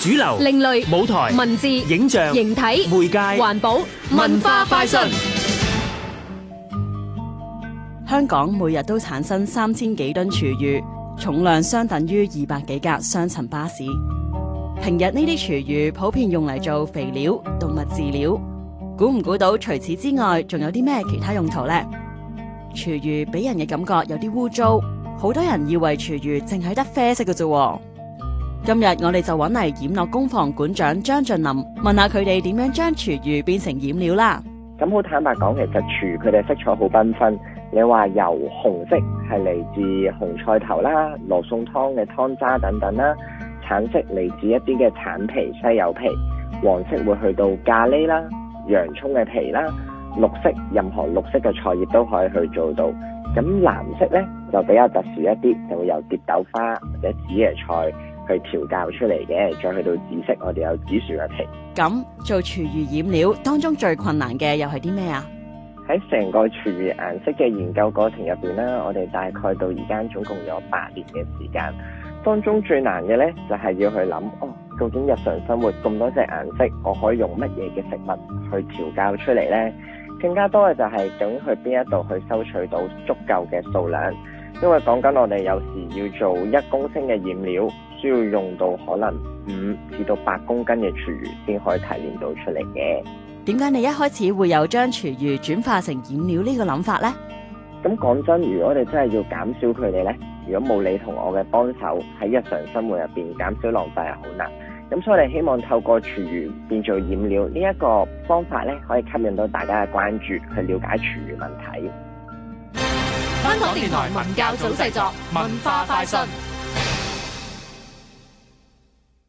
主流、另類、舞台、文字、影像、形體、媒介、環保、文化快訊。香港每日都產生三千幾噸廚餘，重量相等於二百幾架雙層巴士。平日呢啲廚餘普遍用嚟做肥料、動物飼料。估唔估到除此之外，仲有啲咩其他用途呢？廚餘俾人嘅感覺有啲污糟，好多人以為廚餘淨係得啡色嘅啫。今日我哋就揾嚟染樂工房館長張俊林，問下佢哋點樣將廚餘變成染料啦。咁好坦白講，其實廚佢哋色彩好繽紛,紛。你話由紅色係嚟自紅菜頭啦、羅宋湯嘅湯渣等等啦，橙色嚟自一啲嘅橙皮、西柚皮，黃色會去到咖喱啦、洋葱嘅皮啦，綠色任何綠色嘅菜葉都可以去做到。咁藍色呢，就比較特殊一啲，就會有蝶豆花或者紫椰菜。去調教出嚟嘅，再去到紫色，我哋有紫薯嘅皮。咁做廚餘染料當中最困難嘅又係啲咩啊？喺成個廚餘顏色嘅研究過程入邊啦，我哋大概到而家總共有八年嘅時間，當中最難嘅咧就係要去諗哦，究竟日常生活咁多隻顏色，我可以用乜嘢嘅食物去調教出嚟咧？更加多嘅就係究竟去邊一度去收取到足夠嘅數量，因為講緊我哋有時要做一公升嘅染料。需要用到可能五至到八公斤嘅廚餘先可以提煉到出嚟嘅。點解你一開始會有將廚餘轉化成染料呢個諗法呢？咁講真，如果你真係要減少佢哋呢，如果冇你同我嘅幫手喺日常生活入邊減少浪費係好難。咁所以我哋希望透過廚餘變做染料呢一個方法呢，可以吸引到大家嘅關注去了解廚餘問題。香港電台文教組製作，文化快訊。